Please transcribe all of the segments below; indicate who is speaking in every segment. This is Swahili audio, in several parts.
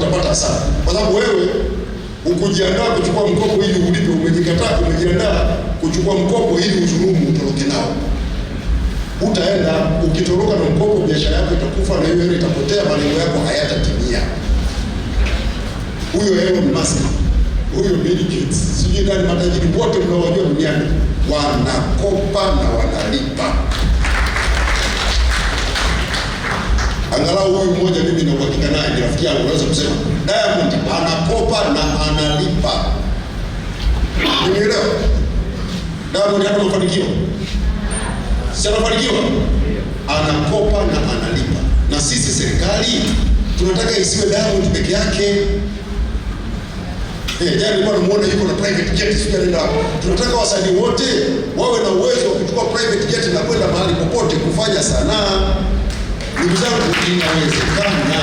Speaker 1: utapata sana, kwa sababu wewe ukujiandaa kuchukua mkopo ili ulipe, umejikataa, umejiandaa kuchukua mkopo ili uzulumu utoroke nao, utaenda ukitoroka na mkopo, biashara yako itakufa na hiyo hela itapotea, malengo yako hayatatimia. Huyo Elon Musk, huyo Bill Gates, sijui nani, matajiri wote mnaowajua duniani wanakopa na wanalipa. angalau huyu mmoja mimi na uhakika naye ni rafiki yangu, naweza kusema Diamond anakopa na analipa. Unielewa? Diamond hana mafanikio, si anafanikiwa, anakopa na analipa. Na sisi serikali tunataka isiwe Diamond peke yake. Eh, hey, jana bwana muone yuko na private jet sio anaenda. Tunataka wasanii wote wawe na uwezo wa kuchukua private jet na kwenda mahali popote kufanya sanaa. Ndugu zangu, inawezekana,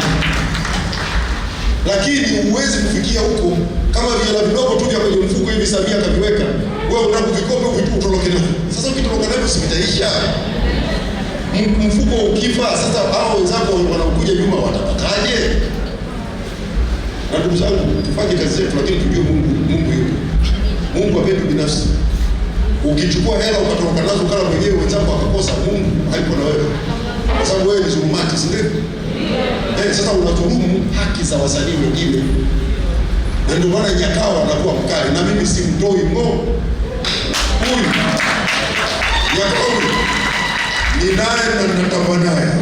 Speaker 1: lakini huwezi kufikia huko kama vijana vidogo tu vya kwenye mfuko hivi Samia kaviweka, wewe vitu utoroke navyo. Sasa ukitoroka navyo sivitaisha mfuko ukifa, sasa hao wenzako wanaokuja nyuma watapataje? Na ndugu zangu, tufanye kazi zetu, lakini tujue Mungu, Mungu yuko. Mungu apendi binafsi. Ukichukua hela ukatoroka nazo kala mwenyewe, wenzako akakosa, Mungu haipo na wewe haki, si ndio? Eh, sasa unatuhumu haki za wasanii wengine, na ndio maana Nyakawa anakuwa mkali, na mimi simtoi mgo huyu Nyakawa ni naye na natamba naye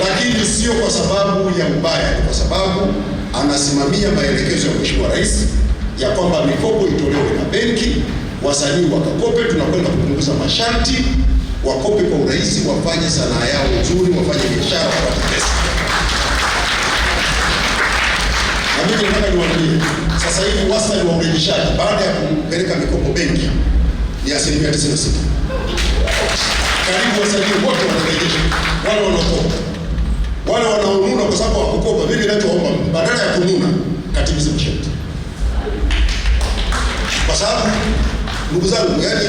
Speaker 1: lakini sio kwa sababu ya ubaya, kwa sababu anasimamia maelekezo ya Mheshimiwa Rais ya kwamba mikopo itolewe na benki, wasanii wakakope, tunakwenda kupunguza masharti wakope kwa urahisi, wafanye sanaa yao nzuri, wafanye biashara, wapate pesa. Na mimi nataka niwaambie sasa hivi wastani wa urejeshaji baada ya kupeleka mikopo benki ni asilimia 96. Karibu wasajili wote wanarejesha, wale wanaokopa, wale wanaonuna kwa sababu hawakukopa. Mimi ninachoomba badala ya kununa, katibu zimsheti kwa sababu Ndugu zangu, yani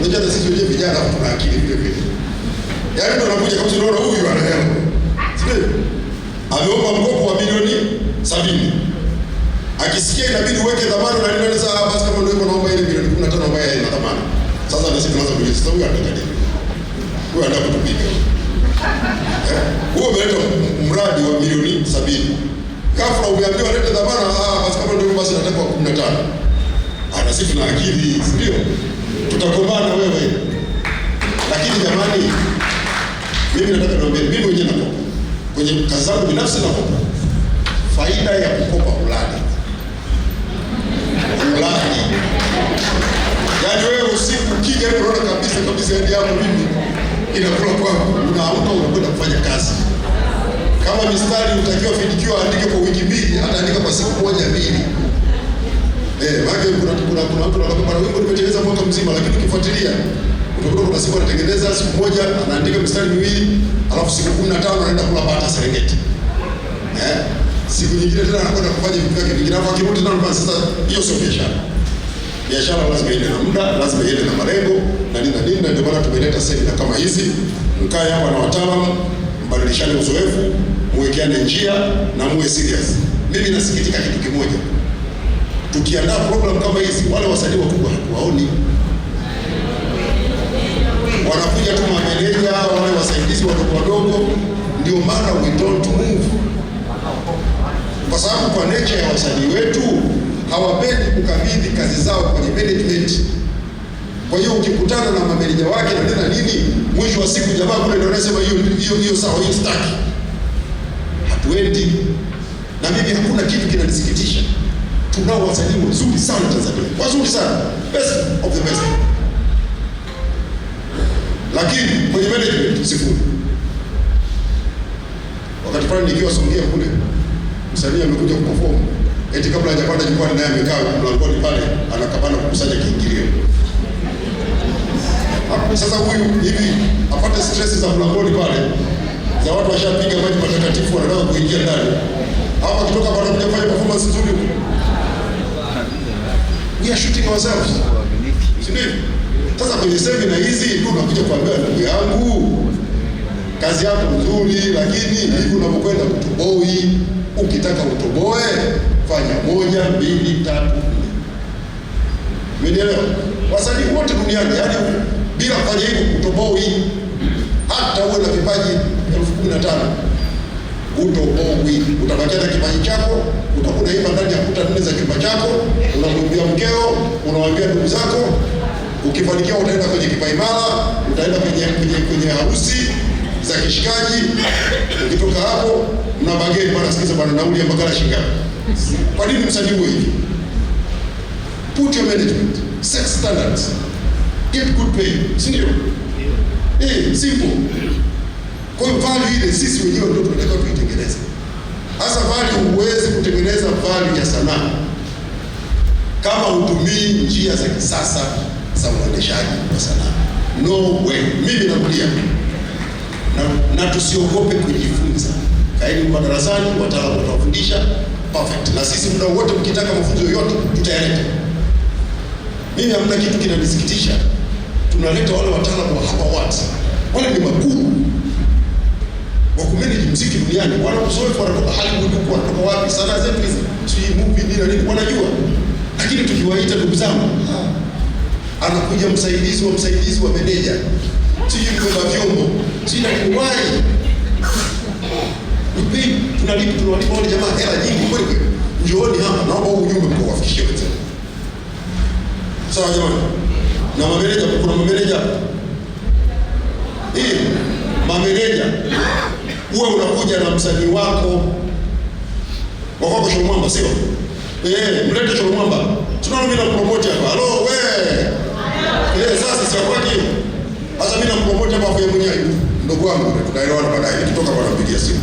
Speaker 1: unajua na sisi wenyewe vijana hapo tuna akili vile vile. Yaani mtu anakuja kama tunaona huyu ana hela. Sio? Ameomba mkopo wa milioni sabini. Akisikia inabidi uweke dhamana na ndio sasa basi kama ndio naomba ile milioni 15 ambayo haina dhamana. Sasa ndio sisi tunaanza kujiuliza sasa huyu anaangalia. Huyu anataka kutupiga. Eh? Huyo ameleta mradi wa milioni sabini. Ghafla umeambiwa lete dhamana, ah basi kama ndio basi nataka 15 hata sisi tuna akili, si ndio? Tutakombana wewe. Lakini jamani, mimi nataka niwaambie, mimi mwenyewe nakopa kwenye kazi zangu binafsi, nakopa. Faida ya kukopa ulani ulani, yaani wewe usiku kija unaona kabisa kabisa hadi yaani hapo mimi inakula kwako, unaamka unakwenda kufanya kazi. Kama mistari utakiwa fidikiwa andike kwa wiki mbili, ataandika kwa siku moja mbili Eh, wake kuna kuna kuna mtu anakwambia wimbo nimetengeneza mwaka mzima lakini ukifuatilia utakuta kuna siku anatengeneza siku moja anaandika mistari miwili alafu siku 15 anaenda kula bata Serengeti. Eh? Siku nyingine tena anakwenda kufanya vitu vyake vingine alafu akirudi tena anakuwa sasa hiyo sio biashara. Biashara lazima iende na muda, lazima iende na malengo na nini na nini na ndio maana tumeleta semina kama hizi. Mkae hapa na wataalamu, mbadilishane uzoefu, muwekeane njia na muwe serious. Mimi nasikitika kitu kimoja tukiandaa program kama hizi, wale wasanii wakubwa hatuwaoni, wanakuja tu mameneja, wale wasaidizi wadogo wadogo. Ndio maana we don't move, kwa sababu kwa nature ya wasanii wetu hawapendi kukabidhi kazi zao kwenye management. Kwa hiyo ukikutana na mameneja wake nanena nini, mwisho wa siku jamaa kule ndio anasema hiyo hiyo hiyo, sawa, hiyo staki, hatuendi. Na mimi hakuna kitu kinanisikitisha tunao wasanii wazuri sana Tanzania, wazuri sana, best of the best, lakini kwenye management sifuri. Wakati fulani nikiwa Songea kule, msanii amekuja kuperform, eti kabla hajapanda jukwani, naye amekaa mlangoni pale anakabana kukusanya kiingilio. Ah, sasa huyu hivi apate stress za mlangoni pale za watu washapiga maji matakatifu, wanataka kuingia ndani, hapo akitoka pale kuja kufanya performance nzuri we are shooting ourselves, si ndio? Sasa kwenye semina hizi ndio unakuja kuambia ndugu yangu, kazi yako nzuri, lakini na hivi unapokwenda kutoboi, ukitaka utoboe, fanya moja, mbili, tatu, nne. Umenielewa? Wasanii wote duniani, yaani bila kufanya hivyo utoboi, hata uwe na vipaji elfu kumi na tano kutoombi. Utabakia na kipaji chako, utakuta hivyo ndani ya kuta nne za chumba chako, unamwambia mkeo, unawaambia ndugu zako. Ukifanikiwa utaenda kwenye kipaimara, utaenda kwenye kwenye kwenye harusi za kishikaji. Ukitoka hapo, na bageni bwana, sikiza bwana, nauli ya magari shingapi? Kwa nini msanii huyo hivi? Put your management, set standards, get good pay, si ndio? Eh, simple. Kwa hiyo value ile sisi wenyewe ndio tunataka tuitengeneze. Sasa value huwezi kutengeneza value ya sanaa kama hutumii njia za kisasa za uendeshaji wa sanaa. No way. Mimi nakulia na, na tusiogope kujifunza. Kaeni kwa darasani, wataalamu watafundisha perfect, na sisi muda wote mkitaka mafunzo yoyote tutayaleta. Mimi hamna kitu kinanisikitisha, tunaleta wale wataalamu wa hapa, watu wale ni makuu wakumini ni mziki duniani, wana uzoefu, wanatoka Hollywood huko, wanatoka wapi, sanaa zetu hizi sijui movie nini na nini wanajua, lakini tukiwaita ndugu zangu, anakuja msaidizi wa msaidizi wa meneja, sijui mbeba vyombo, sijui na kiwai Nipi, tunalipa tunawalipa wale jamaa hela nyingi kweli kweli. Njooni hapa, naomba huu ujumbe mkawafikishie wenzenu. Sawa jamani? Na mameneja, kuna mameneja. Eh, mameneja uwe unakuja na msanii wako wakwako Shomwamba, sio eh? Mlete Shomwamba, tunaona mimi nakupromote hapa. Halo we eh, sasa si kwaki hiyo sasa, mimi nakupromote hapa kwa mwenyewe, ndugu wangu, tukaelewana baadaye. Nikitoka kwa nampigia simu,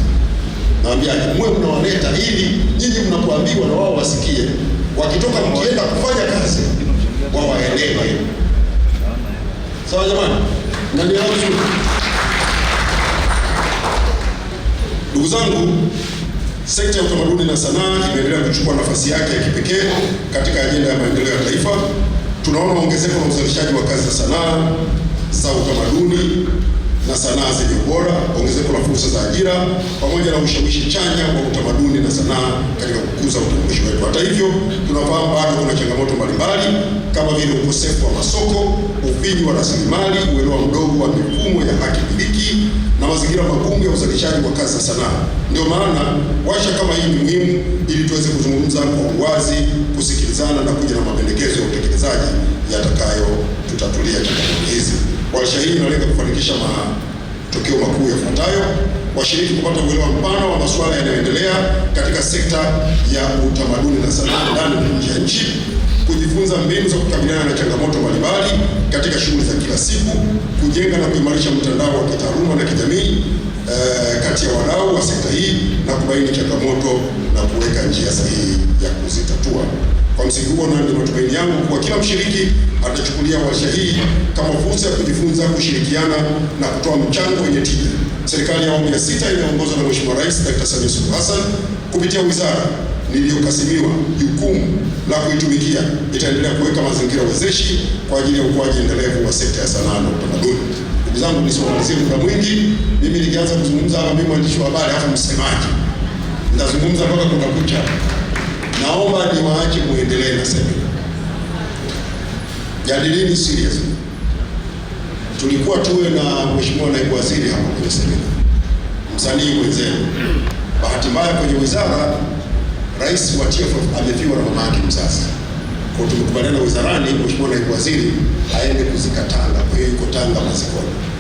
Speaker 1: naambia mwe mnawaleta ili nyinyi mnapoambiwa na wao wasikie, wakitoka mkienda kufanya kazi wawaelewe. Sawa jamani, ndio hapo. Ndugu zangu, sekta ya utamaduni na sanaa imeendelea kuchukua nafasi yake ya kipekee katika ajenda ya maendeleo ya taifa. Tunaona ongezeko la uzalishaji wa kazi za sanaa za utamaduni na sanaa zenye ubora, ongezeko la fursa za ajira, pamoja na ushawishi chanya wa utamaduni na sanaa katika kukuza utambulisho wetu. Hata hivyo, tunafahamu bado kuna changamoto mbalimbali kama vile ukosefu wa masoko, ufinyu wa rasilimali, uelewa mdogo wa mifumo ya haki miliki na mazingira magumu ya uzalishaji wa kazi za sanaa. Ndio maana washa kama hii ni muhimu ili tuweze kuzungumza kwa uwazi, kusikilizana na kuja na mapendekezo ya utekelezaji yatakayotutatulia changamoto hizi. Warsha hii inalenga kufanikisha matokeo makuu yafuatayo: washiriki kupata uelewa mpana wa masuala yanayoendelea katika sekta ya utamaduni na sanaa ndani na nje ya nchi, kujifunza mbinu za kukabiliana na changamoto mbalimbali katika shughuli za kila siku, kujenga na kuimarisha mtandao wa kitaaluma na kijamii e, kati ya wadau wa sekta hii na kubaini changamoto na kuweka njia sahihi ya kuzitatua. Kwa msingi huo, na ndio matumaini yangu kuwa kila mshiriki atachukulia warsha hii kama fursa ya kujifunza, kushirikiana na kutoa mchango wenye tija. Serikali ya awamu ya sita inayoongozwa na Mheshimiwa Rais Dr. Samia Suluhu Hassan kupitia wizara niliyokasimiwa jukumu la kuitumikia itaendelea kuweka mazingira wezeshi kwa ajili ya ukuaji endelevu wa sekta ya sanaa na utamaduni. Ndugu zangu, nisiwamalizie muda mwingi. Mimi nikianza kuzungumza hapa, mimi mwandishi wa habari hata msemaji, nitazungumza mpaka kunakucha naomba ni waache muendelee na semina. Yaani Jadilini serious. Tulikuwa tuwe na mheshimiwa naibu waziri hapo kwenye semina, msanii mwenzenu. Bahati mbaya kwenye wizara, rais wa TFF amefiwa na mama yake mzazi, kwa tumekubaliana wizarani, mheshimiwa naibu waziri aende kuzika Tanga. Kwa hiyo yuko Tanga Mazikoni.